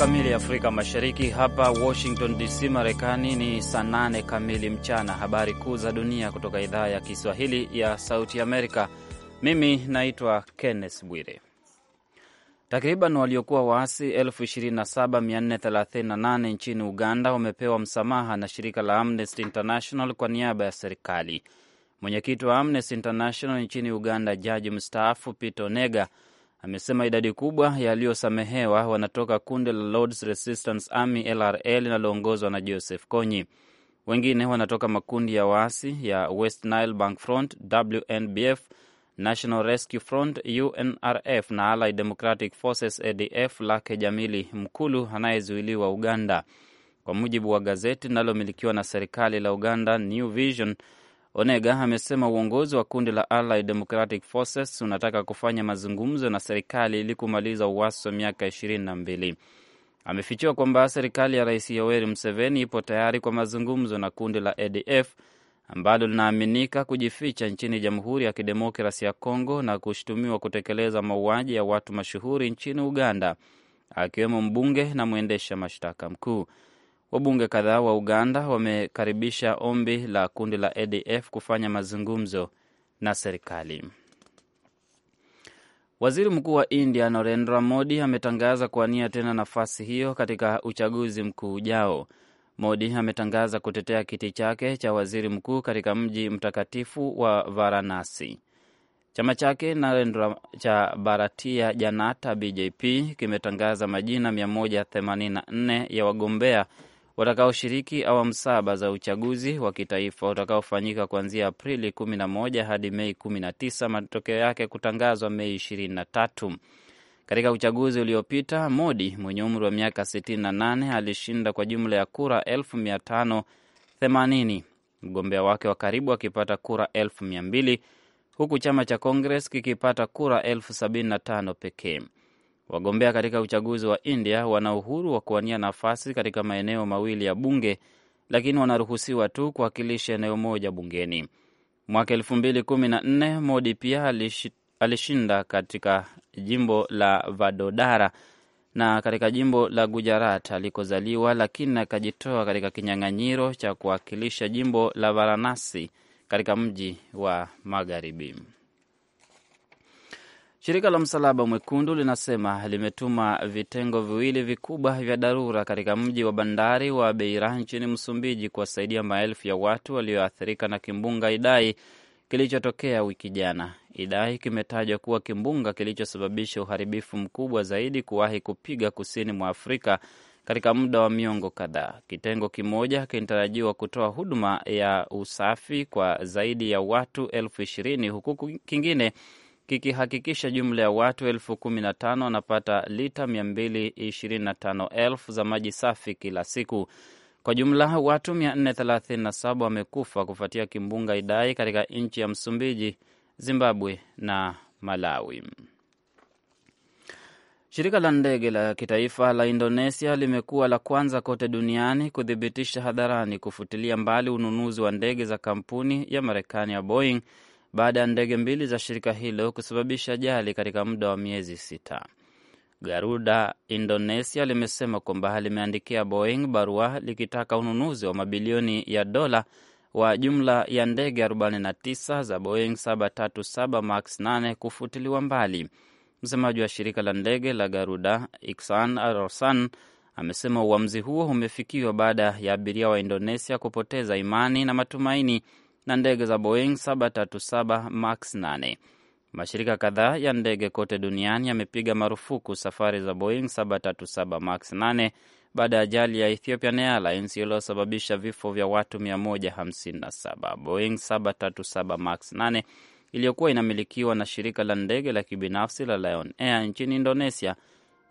kamili Afrika Mashariki. Hapa Washington DC, Marekani ni saa nane kamili mchana. Habari kuu za dunia kutoka idhaa ya Kiswahili ya Sauti Amerika. Mimi naitwa Kenneth Bwire. Takriban waliokuwa waasi 27438 nchini Uganda wamepewa msamaha na shirika la Amnesty International kwa niaba ya serikali. Mwenyekiti wa Amnesty International nchini Uganda, jaji mstaafu Peter Onega amesema idadi kubwa yaliyosamehewa wanatoka kundi la Lords Resistance Army LRA linaloongozwa na Joseph Kony. Wengine wanatoka makundi ya waasi ya West Nile Bank Front, WNBF, National Rescue Front, UNRF na Allied Democratic Forces, ADF, lake Jamili Mkulu anayezuiliwa Uganda. Kwa mujibu wa gazeti linalomilikiwa na serikali la Uganda New Vision, Onega amesema uongozi wa kundi la Allied Democratic Forces unataka kufanya mazungumzo na serikali ili kumaliza uasi wa miaka ishirini na mbili. amefichiwa kwamba serikali ya Rais Yoweri Museveni ipo tayari kwa mazungumzo na kundi la ADF ambalo linaaminika kujificha nchini Jamhuri ya Kidemokrasi ya Kongo na kushutumiwa kutekeleza mauaji ya watu mashuhuri nchini Uganda, akiwemo mbunge na mwendesha mashtaka mkuu. Wabunge kadhaa wa Uganda wamekaribisha ombi la kundi la ADF kufanya mazungumzo na serikali. Waziri Mkuu wa India Narendra Modi ametangaza kuwania tena nafasi hiyo katika uchaguzi mkuu ujao. Modi ametangaza kutetea kiti chake cha waziri mkuu katika mji mtakatifu wa Varanasi. Chama chake Narendra cha Bharatiya Janata BJP kimetangaza majina 184 ya wagombea watakaoshiriki awamu saba za uchaguzi wa kitaifa utakaofanyika kuanzia Aprili 11 hadi Mei 19, matokeo yake kutangazwa Mei 23. Katika uchaguzi uliopita Modi mwenye umri wa miaka 68 alishinda kwa jumla ya kura 580 mgombea wake wa karibu akipata kura 200 huku chama cha Congress kikipata kura 75 pekee. Wagombea katika uchaguzi wa India wana uhuru wa kuwania nafasi katika maeneo mawili ya bunge, lakini wanaruhusiwa tu kuwakilisha eneo moja bungeni. Mwaka elfu mbili kumi na nne Modi pia alishinda katika jimbo la Vadodara na katika jimbo la Gujarat alikozaliwa, lakini akajitoa katika kinyang'anyiro cha kuwakilisha jimbo la Varanasi katika mji wa magharibi. Shirika la Msalaba Mwekundu linasema limetuma vitengo viwili vikubwa vya dharura katika mji wa bandari wa Beira nchini Msumbiji kuwasaidia maelfu ya watu walioathirika na kimbunga Idai kilichotokea wiki jana. Idai kimetajwa kuwa kimbunga kilichosababisha uharibifu mkubwa zaidi kuwahi kupiga kusini mwa Afrika katika muda wa miongo kadhaa. Kitengo kimoja kinatarajiwa kutoa huduma ya usafi kwa zaidi ya watu elfu ishirini huku kingine kikihakikisha jumla ya watu elfu kumi na tano wanapata lita 225,000 za maji safi kila siku. Kwa jumla watu 437 wamekufa kufuatia kimbunga Idai katika nchi ya Msumbiji, Zimbabwe na Malawi. Shirika la ndege la kitaifa la Indonesia limekuwa la kwanza kote duniani kuthibitisha hadharani kufutilia mbali ununuzi wa ndege za kampuni ya Marekani ya Boeing baada ya ndege mbili za shirika hilo kusababisha ajali katika muda wa miezi sita. Garuda Indonesia limesema kwamba limeandikia Boeing barua likitaka ununuzi wa mabilioni ya dola wa jumla ya ndege 49 za Boeing 737 max 8 kufutiliwa mbali. Msemaji wa shirika la ndege la Garuda Iksan Arosan amesema uamuzi huo umefikiwa baada ya abiria wa Indonesia kupoteza imani na matumaini na ndege za Boeing 737 max 8. Mashirika kadhaa ya ndege kote duniani yamepiga marufuku safari za Boeing 737 max 8 baada ya ajali ya Ethiopian Airlines iliyosababisha vifo vya watu 157. Boeing 737 max 8 iliyokuwa inamilikiwa na shirika la ndege la kibinafsi la Lion Air nchini Indonesia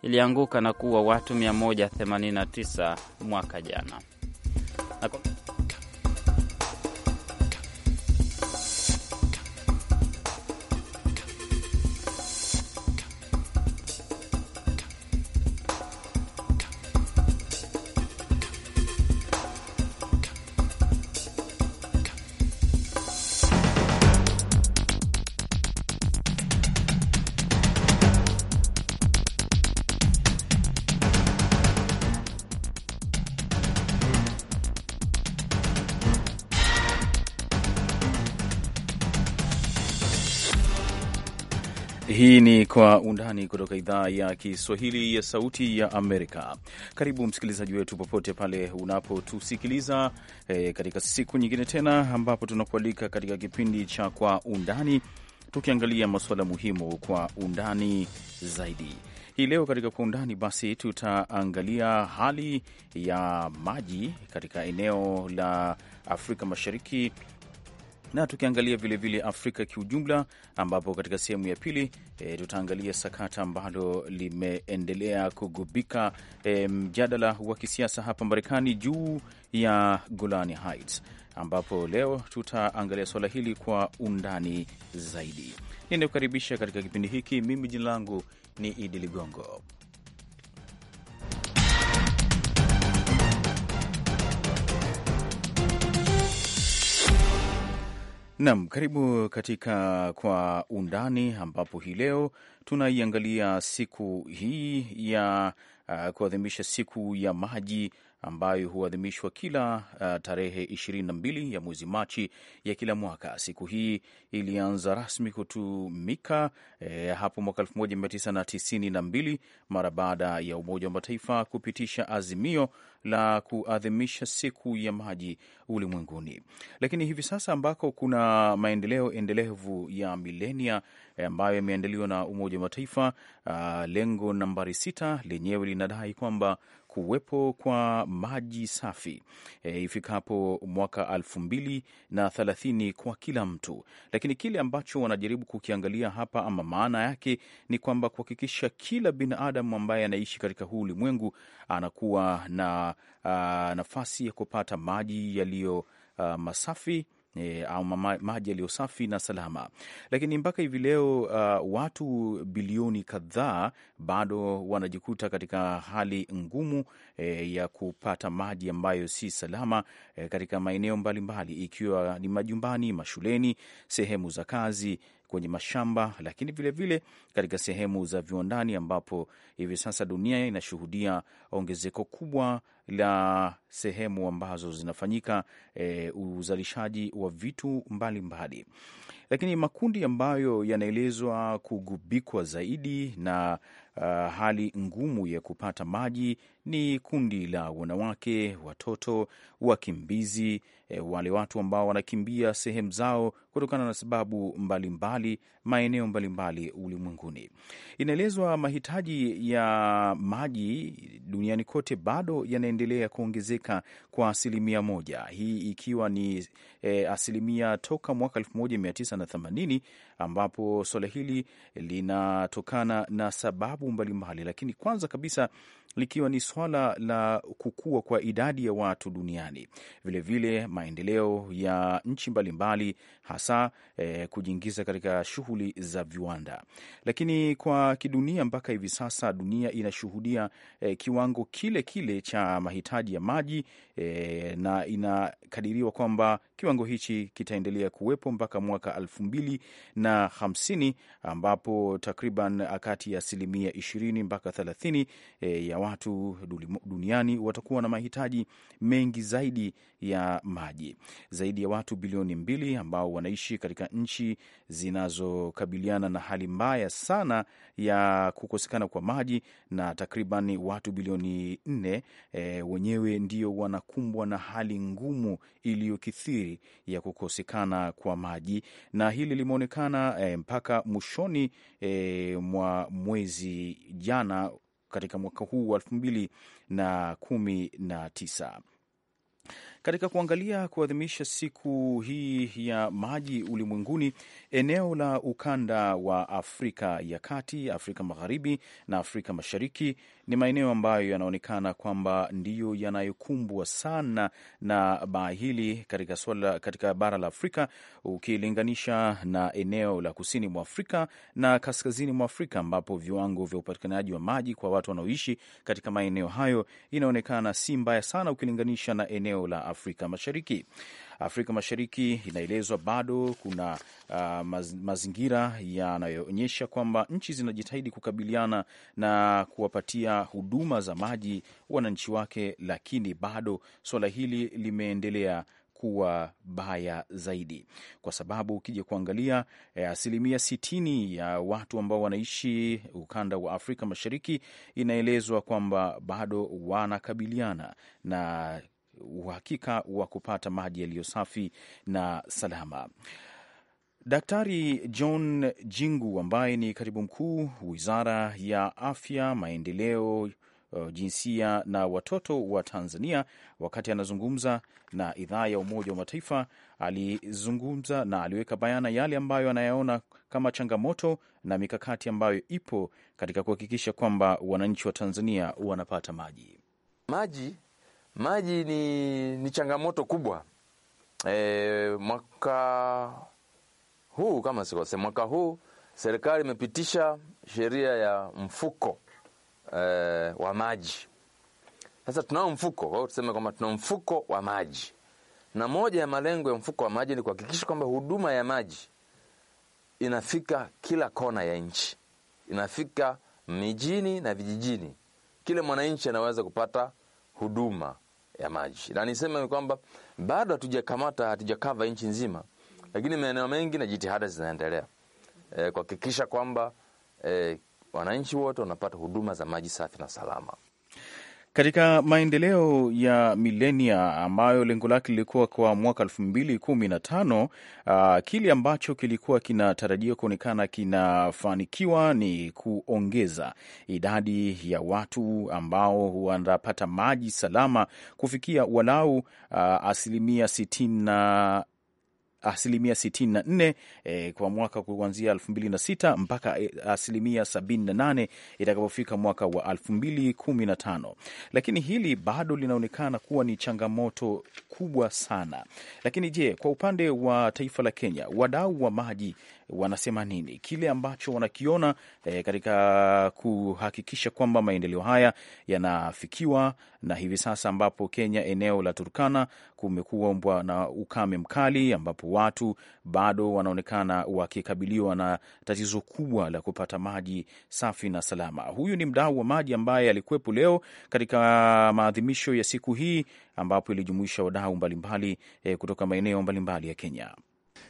ilianguka na kuua watu 189 mwaka jana na Hii ni Kwa Undani kutoka idhaa ya Kiswahili ya Sauti ya Amerika. Karibu msikilizaji wetu popote pale unapotusikiliza e, katika siku nyingine tena ambapo tunakualika katika kipindi cha Kwa Undani tukiangalia masuala muhimu kwa undani zaidi. Hii leo katika Kwa Undani basi tutaangalia hali ya maji katika eneo la Afrika Mashariki na tukiangalia vilevile vile Afrika kiujumla, ambapo katika sehemu ya pili e, tutaangalia sakata ambalo limeendelea kugubika e, mjadala wa kisiasa hapa Marekani juu ya Golani Heights, ambapo leo tutaangalia suala hili kwa undani zaidi. Ninakukaribisha katika kipindi hiki, mimi jina langu ni Idi Ligongo. Nam, karibu katika Kwa Undani, ambapo hii leo tunaiangalia siku hii ya uh, kuadhimisha siku ya maji ambayo huadhimishwa kila uh, tarehe 22 ya mwezi Machi ya kila mwaka. Siku hii ilianza rasmi kutumika eh, hapo mwaka 1992 mara baada ya Umoja wa Mataifa kupitisha azimio la kuadhimisha siku ya maji ulimwenguni. Lakini hivi sasa ambako kuna maendeleo endelevu ya milenia eh, ambayo yameandaliwa na Umoja wa Mataifa, uh, lengo nambari sita lenyewe linadai kwamba kuwepo kwa maji safi e, ifikapo mwaka elfu mbili na thelathini kwa kila mtu. Lakini kile ambacho wanajaribu kukiangalia hapa ama maana yake ni kwamba kuhakikisha kila binadamu ambaye anaishi katika huu ulimwengu anakuwa na a, ah, nafasi ya kupata maji yaliyo ah, masafi e, au maji yaliyo safi na salama. Lakini mpaka hivi leo uh, watu bilioni kadhaa bado wanajikuta katika hali ngumu e, ya kupata maji ambayo si salama e, katika maeneo mbalimbali, ikiwa ni majumbani, mashuleni, sehemu za kazi kwenye mashamba, lakini vilevile katika sehemu za viwandani ambapo hivi sasa dunia inashuhudia ongezeko kubwa la sehemu ambazo zinafanyika e, uzalishaji wa vitu mbalimbali mbali. Lakini makundi ambayo yanaelezwa kugubikwa zaidi na uh, hali ngumu ya kupata maji ni kundi la wanawake, watoto, wakimbizi, e, wale watu ambao wanakimbia sehemu zao kutokana na sababu mbalimbali, maeneo mbalimbali ulimwenguni. Inaelezwa mahitaji ya maji duniani kote bado yanaendelea kuongezeka kwa asilimia moja, hii ikiwa ni e, asilimia toka mwaka 1980 ambapo swala hili linatokana na sababu mbalimbali mbali. Lakini kwanza kabisa likiwa ni swala la kukua kwa idadi ya watu duniani, vilevile vile maendeleo ya nchi mbalimbali, hasa eh, kujiingiza katika shughuli za viwanda. Lakini kwa kidunia, mpaka hivi sasa dunia inashuhudia eh, kiwango kile kile cha mahitaji ya maji eh, na inakadiriwa kwamba kiwango hichi kitaendelea kuwepo mpaka mwaka elfu mbili na hamsini ambapo takriban eh, kati ya asilimia ishirini mpaka thelathini eh, ya watu duniani watakuwa na mahitaji mengi zaidi ya maji. Zaidi ya watu bilioni mbili ambao wanaishi katika nchi zinazokabiliana na hali mbaya sana ya kukosekana kwa maji na takriban watu bilioni nne e, wenyewe ndio wanakumbwa na hali ngumu iliyokithiri ya kukosekana kwa maji, na hili limeonekana e, mpaka mwishoni e, mwa mwezi jana katika mwaka huu wa elfu mbili na kumi na tisa. Katika kuangalia kuadhimisha siku hii ya maji ulimwenguni, eneo la ukanda wa Afrika ya Kati, Afrika Magharibi na Afrika Mashariki ni maeneo ambayo yanaonekana kwamba ndiyo yanayokumbwa sana na baa hili katika swala, katika bara la Afrika ukilinganisha na eneo la kusini mwa Afrika na kaskazini mwa Afrika ambapo viwango vya upatikanaji wa maji kwa watu wanaoishi katika maeneo hayo inaonekana si mbaya sana ukilinganisha na eneo la Afrika Mashariki. Afrika Mashariki inaelezwa bado kuna uh, maz, mazingira yanayoonyesha kwamba nchi zinajitahidi kukabiliana na kuwapatia huduma za maji wananchi wake, lakini bado suala hili limeendelea kuwa baya zaidi, kwa sababu ukija kuangalia eh, asilimia eh, sitini ya watu ambao wanaishi ukanda wa Afrika Mashariki inaelezwa kwamba bado wanakabiliana na uhakika wa kupata maji yaliyo safi na salama. Daktari John Jingu ambaye ni katibu mkuu Wizara ya Afya, Maendeleo uh, Jinsia na Watoto wa Tanzania, wakati anazungumza na idhaa ya Umoja wa Mataifa, alizungumza na aliweka bayana yale ambayo anayaona kama changamoto na mikakati ambayo ipo katika kuhakikisha kwamba wananchi wa Tanzania wanapata maji. Maji maji ni, ni changamoto kubwa e, mwaka huu kama sikose, mwaka huu serikali imepitisha sheria ya mfuko e, wa maji. Sasa tunao mfuko, kwa hiyo tuseme kwamba tuna mfuko wa maji, na moja ya malengo ya mfuko wa maji ni kuhakikisha kwamba huduma ya maji inafika kila kona ya nchi, inafika mijini na vijijini, kila mwananchi anaweza kupata huduma ya maji. Na niseme kwamba bado hatujakamata, hatujakava nchi nzima, lakini maeneo mengi na jitihada zinaendelea e, kuhakikisha kwamba e, wananchi wote wanapata huduma za maji safi na salama katika maendeleo ya milenia ambayo lengo lake lilikuwa kwa mwaka elfu mbili kumi na tano. Ah, kile ambacho kilikuwa kinatarajiwa kuonekana kinafanikiwa ni kuongeza idadi ya watu ambao wanapata maji salama kufikia walau ah, asilimia sitini na asilimia 64 e, eh, kwa mwaka kuanzia 2006 mpaka eh, asilimia 78 itakapofika mwaka wa 2015, lakini hili bado linaonekana kuwa ni changamoto kubwa sana. Lakini je, kwa upande wa taifa la Kenya, wadau wa maji wanasema nini, kile ambacho wanakiona eh, katika kuhakikisha kwamba maendeleo haya yanafikiwa. Na hivi sasa ambapo Kenya eneo la Turkana kumekuambwa na ukame mkali, ambapo watu bado wanaonekana wakikabiliwa na tatizo kubwa la kupata maji safi na salama. Huyu ni mdau wa maji ambaye alikuwepo leo katika maadhimisho ya siku hii ambapo ilijumuisha wadau mbalimbali eh, kutoka maeneo mbalimbali ya Kenya.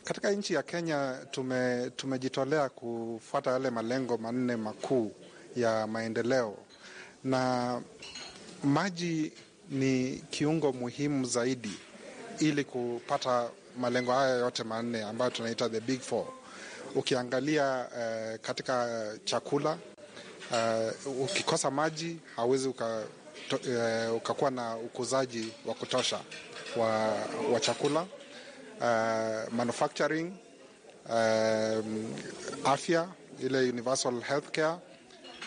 Katika nchi ya Kenya tume, tumejitolea kufuata yale malengo manne makuu ya maendeleo, na maji ni kiungo muhimu zaidi ili kupata malengo haya yote manne ambayo tunaita the big four. Ukiangalia uh, katika chakula uh, ukikosa maji hauwezi uka, uh, ukakuwa na ukuzaji wa kutosha wa, wa chakula uh, manufacturing, um, afya ile universal healthcare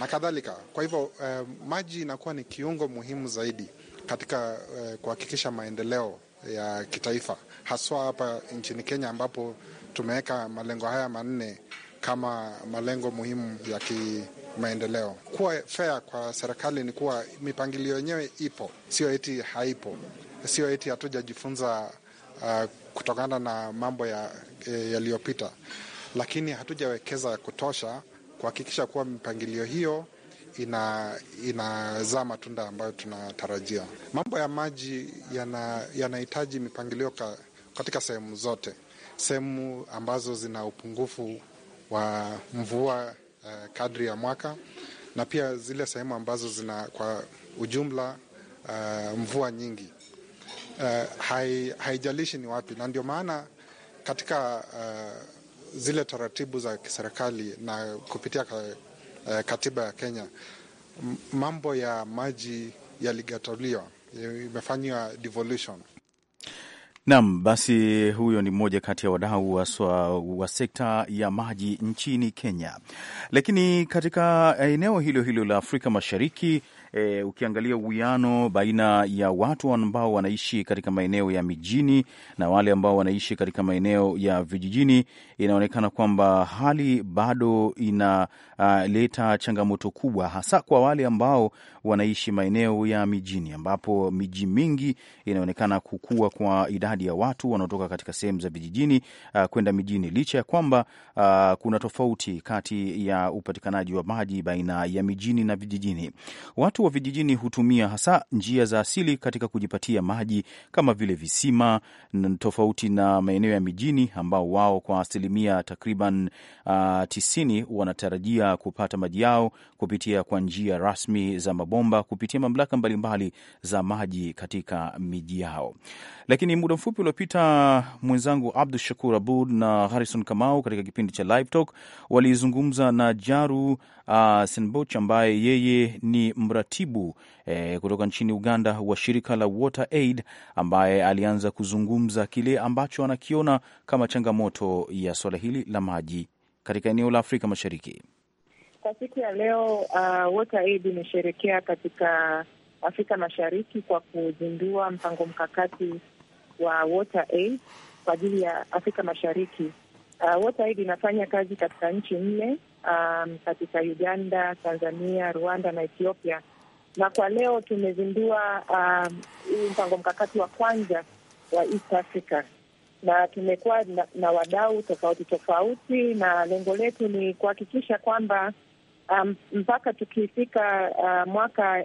na kadhalika. Kwa hivyo uh, maji inakuwa ni kiungo muhimu zaidi katika uh, kuhakikisha maendeleo ya kitaifa haswa hapa nchini Kenya ambapo tumeweka malengo haya manne kama malengo muhimu ya kimaendeleo. Kuwa fair kwa serikali ni kuwa mipangilio yenyewe ipo, sio eti haipo, sio eti hatujajifunza uh, kutokana na mambo e, yaliyopita ya lakini hatujawekeza ya kutosha kuhakikisha kuwa mipangilio hiyo ina inazaa matunda ambayo tunatarajia. Mambo ya maji yanahitaji yana mipangilio ka, katika sehemu zote, sehemu ambazo zina upungufu wa mvua eh, kadri ya mwaka na pia zile sehemu ambazo zina kwa ujumla eh, mvua nyingi uh, haijalishi ni wapi, na ndio maana katika uh, zile taratibu za kiserikali na kupitia uh, katiba ya Kenya mambo ya maji yaligatuliwa, imefanyiwa devolution. Naam, basi huyo ni mmoja kati ya wadau wa, wa sekta ya maji nchini Kenya. Lakini katika eneo hilo hilo la Afrika Mashariki e, ukiangalia uwiano baina ya watu ambao wanaishi katika maeneo ya mijini na wale ambao wanaishi katika maeneo ya vijijini, inaonekana kwamba hali bado inaleta ah, changamoto kubwa, hasa kwa wale ambao wanaishi maeneo ya mijini, ambapo miji mingi inaonekana kukua kwa idadi ya watu wanaotoka katika sehemu za vijijini uh, kwenda mijini, licha ya kwamba uh, kuna tofauti kati ya upatikanaji wa maji baina ya mijini na vijijini. Watu wa vijijini hutumia hasa njia za asili katika kujipatia maji kama vile visima, tofauti na maeneo ya mijini ambao wao kwa asilimia takriban uh, tisini wanatarajia kupata maji yao kupitia kwa njia rasmi za mabu mabomba kupitia mamlaka mbalimbali za maji katika miji yao. Lakini muda mfupi uliopita mwenzangu Abdu Shakur Abud na Harrison Kamau katika kipindi cha Live Talk walizungumza na Jaru uh, Senboch ambaye yeye ni mratibu eh, kutoka nchini Uganda wa shirika la Water Aid ambaye alianza kuzungumza kile ambacho anakiona kama changamoto ya swala hili la maji katika eneo la Afrika Mashariki kwa siku ya leo uh, Water imesherekea katika Afrika Mashariki kwa kuzindua mpango mkakati wa Water kwa ajili ya Afrika Mashariki. Uh, Water inafanya kazi katika nchi nne, um, katika Uganda, Tanzania, Rwanda na Ethiopia, na kwa leo tumezindua um, huu um, mpango mkakati wa kwanza wa East Africa na tumekuwa na, na wadau tofauti tofauti, na lengo letu ni kuhakikisha kwamba um, mpaka tukifika uh, mwaka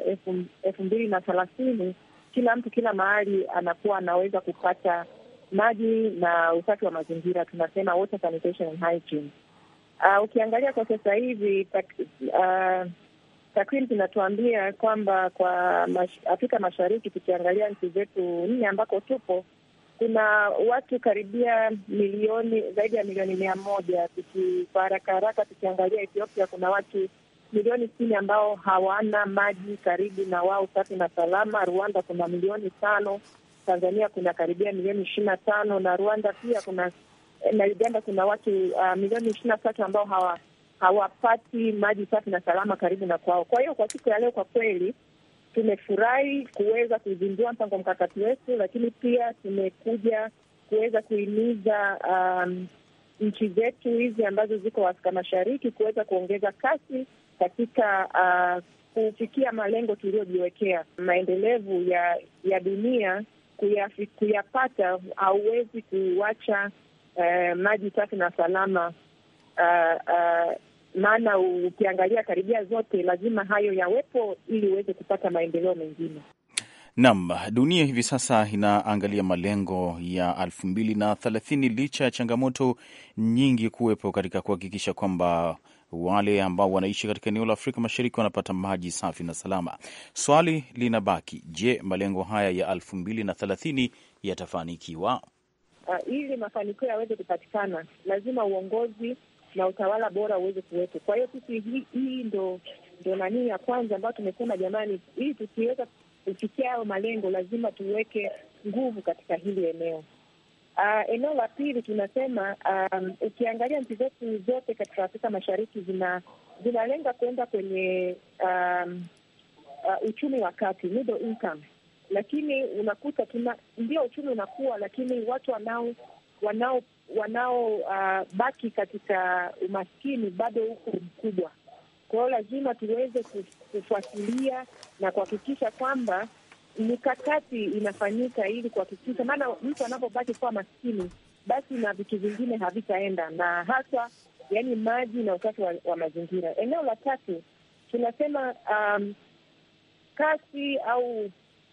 elfu mbili na thelathini kila mtu kila mahali anakuwa anaweza kupata maji na usafi wa mazingira, tunasema water sanitation and hygiene. Uh, ukiangalia kwa sasa hivi tak, uh, takwimu zinatuambia kwamba kwa mash, Afrika Mashariki tukiangalia nchi zetu nne ambako tupo kuna watu karibia milioni zaidi ya milioni mia moja. Kwa haraka haraka tukiangalia Ethiopia, kuna watu milioni sitini ambao hawana maji karibu na wao safi na salama. Rwanda kuna milioni tano, Tanzania kuna karibia milioni ishirini na tano na Rwanda pia kuna na Uganda kuna watu uh, milioni ishirini na tatu ambao hawa hawapati maji safi na salama karibu na kwao. Kwa hiyo kwa siku ya leo, kwa kweli tumefurahi kuweza kuzindua mpango mkakati wetu, lakini pia tumekuja kuweza kuhimiza um, nchi zetu hizi ambazo ziko Afrika Mashariki kuweza kuongeza kasi katika uh, kufikia malengo tuliyojiwekea maendelevu ya ya dunia. Kuyafi, kuyapata hauwezi kuacha uh, eh, maji safi na salama uh, uh, maana ukiangalia karibia zote lazima hayo yawepo ili uweze kupata maendeleo mengine. Naam, dunia hivi sasa inaangalia malengo ya elfu mbili na thelathini licha ya changamoto nyingi kuwepo katika kuhakikisha kwamba wale ambao wanaishi katika eneo la Afrika Mashariki wanapata maji safi na salama. Swali linabaki, je, malengo haya ya elfu mbili na thelathini yatafanikiwa? Uh, ili mafanikio yaweze kupatikana lazima uongozi na utawala bora uweze kuwepo. Kwa hiyo sisi hii hi, ndo ndo nanii ya kwanza ambayo tumesema jamani, ili tukiweza kufikia hayo malengo lazima tuweke nguvu katika hili eneo. Uh, eneo la pili tunasema, um, ukiangalia nchi zetu zote katika Afrika Mashariki zina zinalenga kuenda kwenye um, uh, uchumi wa kati, middle income, lakini unakuta tuna ndio uchumi unakuwa, lakini watu wanao wanao wanaobaki uh, katika umaskini bado huko mkubwa. Kwa hiyo lazima tuweze kufuatilia na kuhakikisha kwamba mikakati inafanyika ili kuhakikisha, maana mtu anapobaki kuwa maskini, basi na vitu vingine havitaenda na haswa, yani maji na usafi wa, wa mazingira. Eneo la tatu tunasema um, kasi au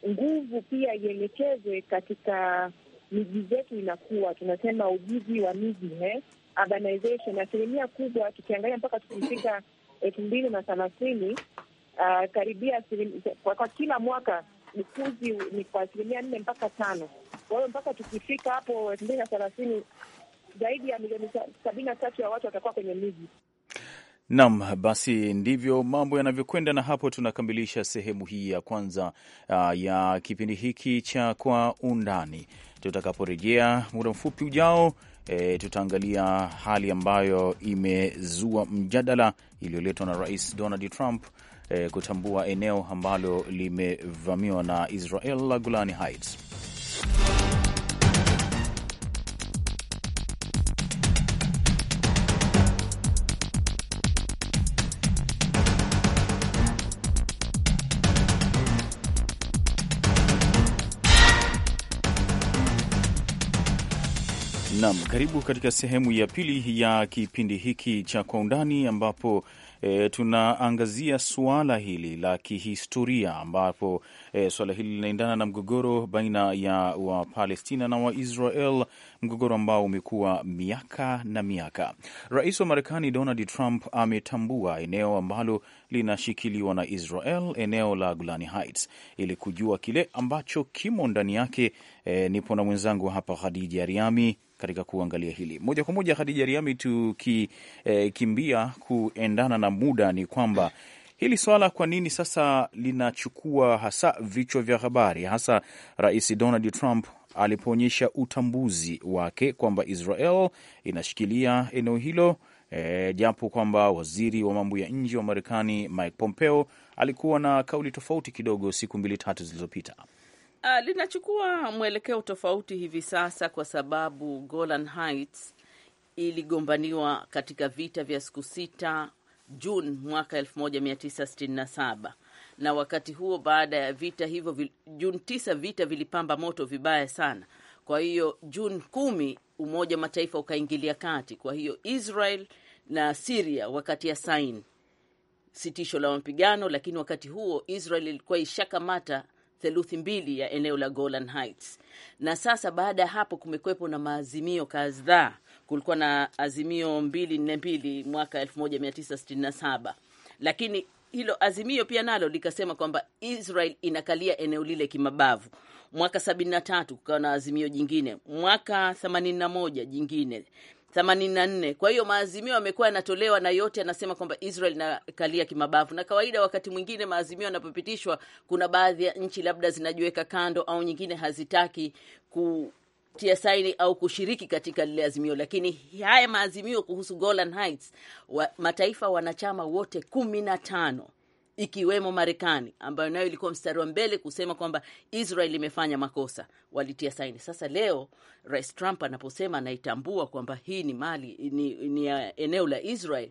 nguvu pia ielekezwe katika miji zetu inakuwa, tunasema ujiji wa miji eh, urbanization. Asilimia kubwa tukiangalia mpaka tukifika elfu mbili na thelathini uh, karibia kwa, kwa kila mwaka ukuzi ni kwa asilimia nne mpaka tano. Kwa hiyo mpaka tukifika hapo elfu mbili na thelathini zaidi ya milioni sabini na tatu ya watu watakuwa kwenye miji. Naam, basi ndivyo mambo yanavyokwenda, na hapo tunakamilisha sehemu hii ya kwanza uh, ya kipindi hiki cha Kwa Undani tutakaporejea muda mfupi ujao. E, tutaangalia hali ambayo imezua mjadala iliyoletwa na Rais Donald Trump e, kutambua eneo ambalo limevamiwa na Israel la Golani Heights. Naam, karibu katika sehemu ya pili ya kipindi hiki cha Kwa Undani, ambapo e, tunaangazia suala hili la kihistoria, ambapo e, suala hili linaendana na mgogoro baina ya Wapalestina na Waisrael, mgogoro ambao umekuwa miaka na miaka. Rais wa Marekani Donald Trump ametambua eneo ambalo linashikiliwa na Israel, eneo la Golani Heights, ili kujua kile ambacho kimo ndani yake e, nipo na mwenzangu hapa Khadija Riami katika kuangalia hili moja kwa moja. Khadija Riami, tukikimbia e, kuendana na muda, ni kwamba hili swala kwa nini sasa linachukua hasa vichwa vya habari, hasa Rais Donald Trump alipoonyesha utambuzi wake kwamba Israel inashikilia eneo hilo e, japo kwamba waziri wa mambo ya nje wa Marekani Mike Pompeo alikuwa na kauli tofauti kidogo siku mbili tatu zilizopita uh, linachukua mwelekeo tofauti hivi sasa kwa sababu Golan Heights iligombaniwa katika vita vya siku sita Juni mwaka 1967 na wakati huo, baada ya vita hivyo, Juni 9 vita vilipamba moto vibaya sana. Kwa hiyo Juni kumi Umoja wa Mataifa ukaingilia kati. Kwa hiyo Israel na Siria wakati ya saini sitisho la mapigano, lakini wakati huo Israel ilikuwa ishakamata theluthi mbili ya eneo la Golan Heights. Na sasa baada ya hapo kumekwepo na maazimio kadhaa. Kulikuwa na azimio 242 mwaka 1967 lakini hilo azimio pia nalo likasema kwamba Israel inakalia eneo lile kimabavu. Mwaka 73 kukawa na azimio jingine, mwaka 81 jingine 84. Kwa hiyo maazimio yamekuwa yanatolewa na yote yanasema kwamba Israel inakalia kimabavu, na kawaida wakati mwingine maazimio yanapopitishwa, kuna baadhi ya nchi labda zinajiweka kando au nyingine hazitaki ku tia saini au kushiriki katika lile azimio, lakini haya maazimio kuhusu Golan Heights wa, mataifa wanachama wote kumi na tano ikiwemo Marekani ambayo nayo ilikuwa mstari wa mbele kusema kwamba Israel imefanya makosa, walitia saini. Sasa leo Rais Trump anaposema anaitambua kwamba hii ni mali ni, ni eneo la Israel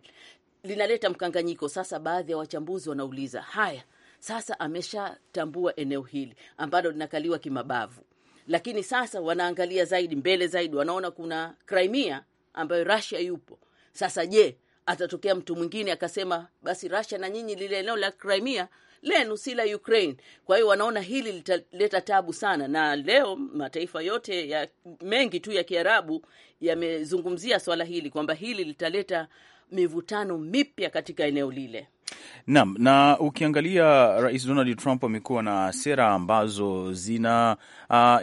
linaleta mkanganyiko. Sasa baadhi ya wachambuzi wanauliza haya, sasa ameshatambua eneo hili ambalo linakaliwa kimabavu, lakini sasa wanaangalia zaidi mbele zaidi, wanaona kuna Crimea ambayo Russia yupo sasa. Je, atatokea mtu mwingine akasema basi Russia na nyinyi lile eneo la Crimea lenu si la Ukraine. Kwa hiyo wanaona hili litaleta tabu sana, na leo mataifa yote ya mengi tu ya Kiarabu yamezungumzia swala hili kwamba hili litaleta mivutano mipya katika eneo lile. Naam, na ukiangalia Rais Donald Trump amekuwa na sera ambazo zinaenda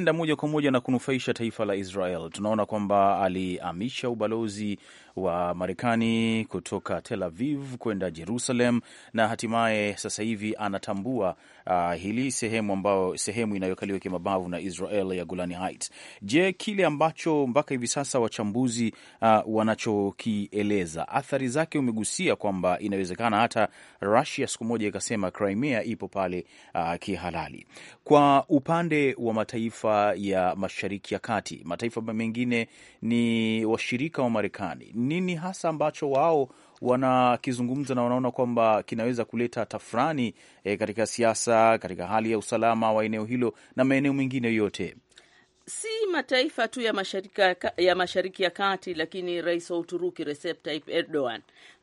uh, e, moja kwa moja na kunufaisha taifa la Israel. Tunaona kwamba alihamisha ubalozi wa Marekani kutoka Tel Aviv kwenda Jerusalem, na hatimaye sasa hivi anatambua uh, hili sehemu ambayo sehemu inayokaliwa kimabavu na Israel ya Golani Heights. Je, kile ambacho mpaka hivi sasa wachambuzi uh, wanachokieleza athari zake, umegusia kwamba inawezekana hata Russia siku moja ikasema Crimea ipo pale uh, kihalali. Kwa upande wa mataifa ya Mashariki ya Kati, mataifa mengine ni washirika wa Marekani nini hasa ambacho wao wanakizungumza na wanaona kwamba kinaweza kuleta tafurani e, katika siasa, katika hali ya usalama wa eneo hilo na maeneo mengine yote, si mataifa tu ya mashariki ya mashariki ya kati. Lakini rais wa Uturuki Recep Tayyip Erdogan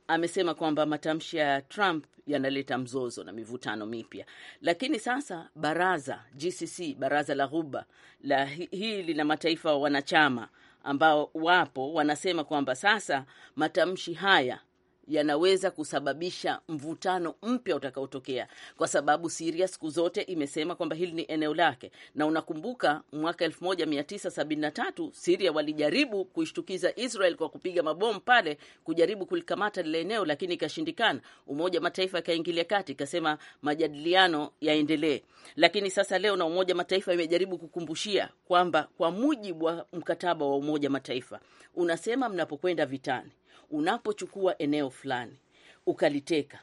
amesema kwamba matamshi ya Trump yanaleta mzozo na mivutano mipya. Lakini sasa baraza GCC, baraza la Ghuba la hii lina mataifa wanachama ambao wapo wanasema kwamba sasa matamshi haya yanaweza kusababisha mvutano mpya utakaotokea, kwa sababu Siria siku zote imesema kwamba hili ni eneo lake, na unakumbuka mwaka 1973 Siria walijaribu kuishtukiza Israel kwa kupiga mabomu pale, kujaribu kulikamata lile eneo, lakini ikashindikana. Umoja wa Mataifa ikaingilia kati, ikasema majadiliano yaendelee. Lakini sasa leo na Umoja Mataifa imejaribu kukumbushia kwamba kwa mujibu wa mkataba wa Umoja Mataifa unasema mnapokwenda vitani Unapochukua eneo fulani ukaliteka,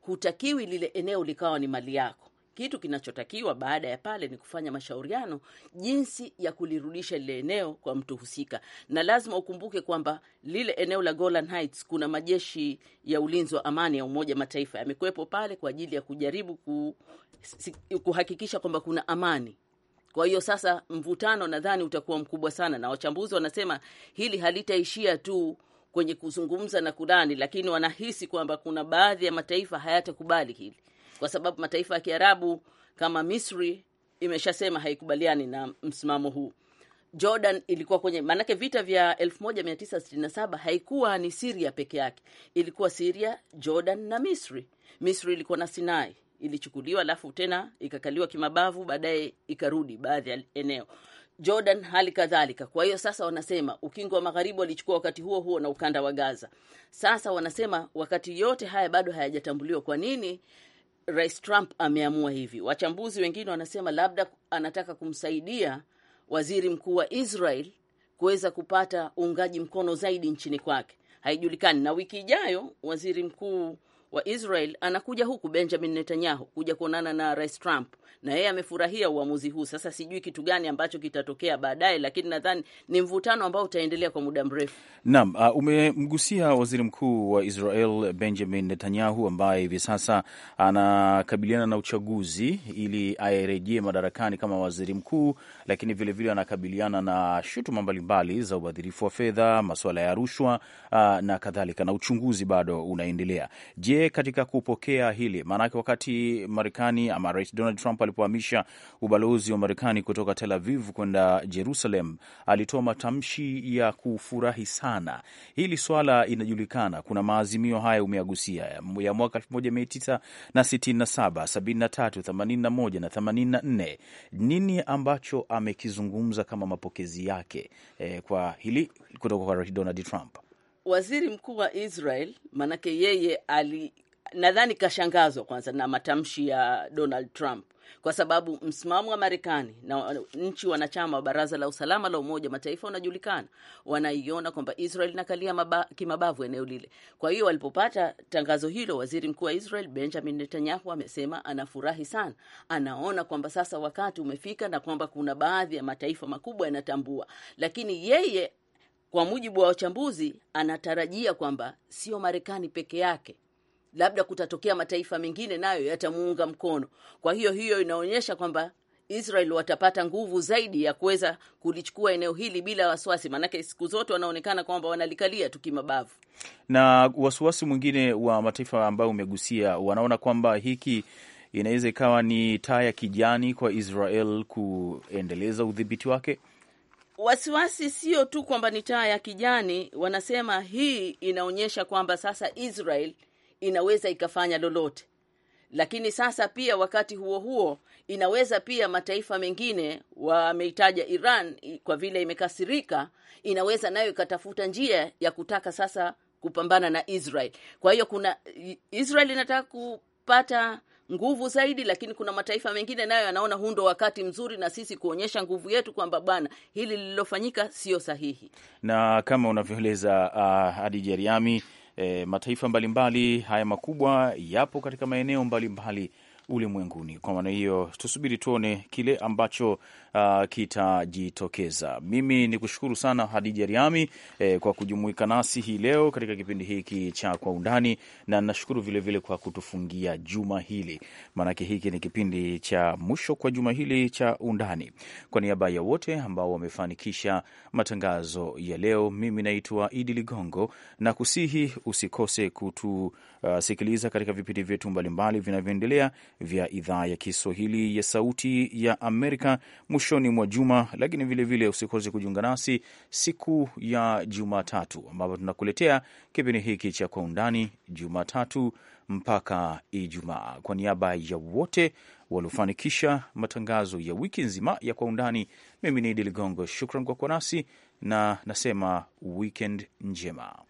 hutakiwi lile eneo likawa ni mali yako. Kitu kinachotakiwa baada ya pale ni kufanya mashauriano jinsi ya kulirudisha lile eneo kwa mtu husika, na lazima ukumbuke kwamba lile eneo la Golan Heights kuna majeshi ya ulinzi wa amani ya Umoja Mataifa yamekuwepo pale kwa ajili ya kujaribu kuhakikisha kwamba kuna amani. Kwa hiyo sasa mvutano nadhani utakuwa mkubwa sana, na wachambuzi wanasema hili halitaishia tu kwenye kuzungumza na kudani, lakini wanahisi kwamba kuna baadhi ya mataifa hayatakubali hili, kwa sababu mataifa ya Kiarabu kama Misri imeshasema haikubaliani na msimamo huu. Jordan ilikuwa kwenye, maanake vita vya 1967 haikuwa ni Siria peke yake, ilikuwa Siria, Jordan na Misri. Misri ilikuwa na Sinai, ilichukuliwa alafu tena ikakaliwa kimabavu, baadaye ikarudi baadhi ya eneo. Jordan hali kadhalika. Kwa hiyo sasa wanasema ukingo wa magharibi walichukua wakati huo huo na ukanda wa Gaza. Sasa wanasema wakati yote haya bado hayajatambuliwa. Kwa nini Rais Trump ameamua hivi? Wachambuzi wengine wanasema labda anataka kumsaidia waziri mkuu wa Israel kuweza kupata uungaji mkono zaidi nchini kwake. Haijulikani, na wiki ijayo waziri mkuu wa Israel anakuja huku Benjamin Netanyahu kuja kuonana na Rais Trump, na yeye amefurahia uamuzi huu. Sasa sijui kitu gani ambacho kitatokea baadaye, lakini nadhani ni mvutano ambao utaendelea kwa muda mrefu. Naam, uh, umemgusia waziri mkuu wa Israel Benjamin Netanyahu ambaye hivi sasa anakabiliana na uchaguzi ili aerejee madarakani kama waziri mkuu, lakini vilevile vile anakabiliana na shutuma mbalimbali za ubadhirifu wa fedha, masuala ya rushwa, uh, na kadhalika, na uchunguzi bado unaendelea. Je, Je, katika kupokea hili, maanake wakati Marekani ama Rais Donald Trump alipohamisha ubalozi wa Marekani kutoka Tel Aviv kwenda Jerusalem, alitoa matamshi ya kufurahi sana. Hili swala inajulikana, kuna maazimio haya umeagusia ya mwaka moja mia tisa na nne. Nini ambacho amekizungumza kama mapokezi yake eh, kwa hili kutoka kwa Rais Donald Trump? waziri mkuu wa Israel, maanake yeye ali nadhani kashangazwa kwanza na matamshi ya Donald Trump kwa sababu msimamo wa Marekani na nchi wanachama wa Baraza la Usalama la Umoja wa Mataifa unajulikana, wanaiona kwamba Israel inakalia maba, kimabavu eneo lile. Kwa hiyo walipopata tangazo hilo, waziri mkuu wa Israel Benjamin Netanyahu amesema anafurahi sana, anaona kwamba sasa wakati umefika na kwamba kuna baadhi ya mataifa makubwa yanatambua, lakini yeye kwa mujibu wa wachambuzi, anatarajia kwamba sio Marekani peke yake, labda kutatokea mataifa mengine nayo yatamuunga mkono. Kwa hiyo hiyo inaonyesha kwamba Israel watapata nguvu zaidi ya kuweza kulichukua eneo hili bila wasiwasi, maanake siku zote wanaonekana kwamba wanalikalia tu kimabavu. Na wasiwasi mwingine wa mataifa ambayo umegusia, wanaona kwamba hiki inaweza ikawa ni taa ya kijani kwa Israel kuendeleza udhibiti wake wasiwasi sio tu kwamba ni taa ya kijani, wanasema hii inaonyesha kwamba sasa Israel inaweza ikafanya lolote, lakini sasa pia wakati huo huo inaweza pia mataifa mengine, wameitaja Iran kwa vile imekasirika, inaweza nayo ikatafuta njia ya kutaka sasa kupambana na Israel. Kwa hiyo kuna Israel inataka kupata nguvu zaidi, lakini kuna mataifa mengine nayo yanaona huu ndo wakati mzuri na sisi kuonyesha nguvu yetu kwamba bwana, hili lililofanyika sio sahihi. Na kama unavyoeleza uh, ah, Hadija eh, mataifa mbalimbali mbali, haya makubwa yapo katika maeneo mbalimbali mbali ulimwenguni. Kwa maana hiyo, tusubiri tuone kile ambacho uh, kitajitokeza. Mimi ni kushukuru sana Hadija Riami eh, kwa kujumuika nasi hii leo katika kipindi hiki cha Kwa Undani, na nashukuru vilevile kwa kutufungia juma hili, maanake hiki ni kipindi cha mwisho kwa juma hili cha Undani. Kwa niaba ya wote ambao wamefanikisha matangazo ya leo, mimi naitwa Idi Ligongo na kusihi usikose kutusikiliza uh, katika vipindi vyetu mbalimbali vinavyoendelea vya idhaa ya Kiswahili ya Sauti ya Amerika mwishoni mwa juma, lakini vilevile usikose kujiunga nasi siku ya Jumatatu ambapo tunakuletea kipindi hiki cha Kwa Undani Jumatatu mpaka Ijumaa. Kwa niaba ya wote waliofanikisha matangazo ya wiki nzima ya Kwa Undani, mimi ni Idi Ligongo. Shukran kwa kuwa nasi na nasema wikend njema.